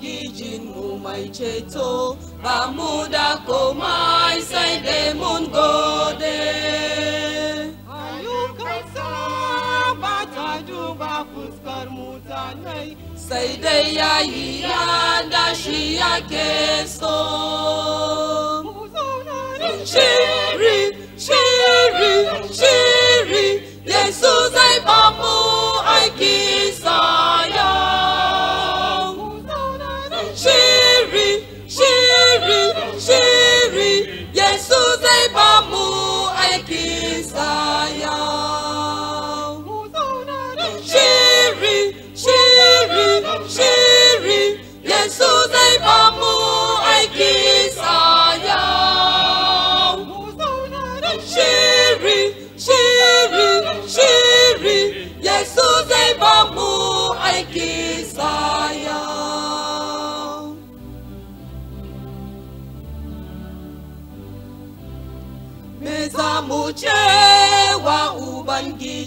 ginmu mai ceto ba mu da mai sai dai mun gode ayyukansa ba ta ba fuskar mutanai sai dai yayi ya da shi yake so Shiri, shiri, shiri, Jesus zai ba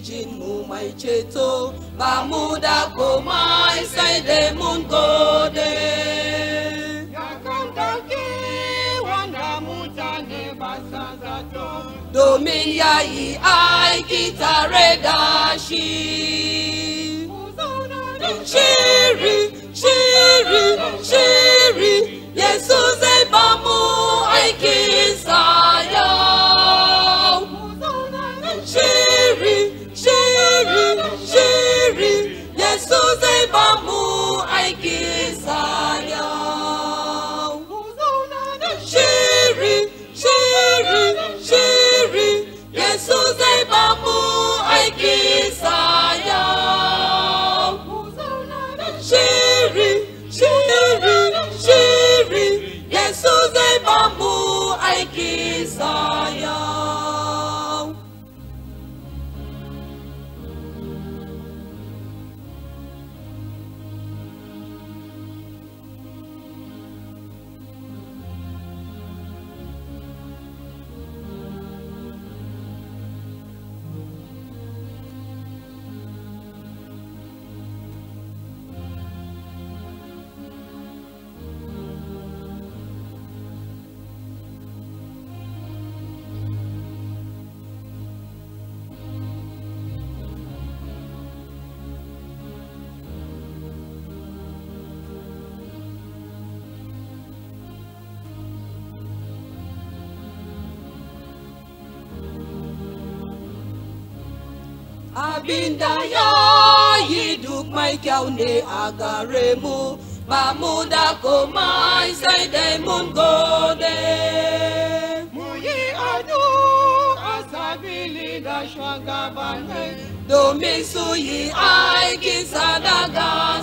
virgin mu mai ceto ba mu da komai sai mun domin ya yi da shi shiri Abinda ya yiduk mai kyaune agaremu Mamuda ko mai sai dai mun gode Muyi adu asabili da shugabanai Domin su yi aikin sadagan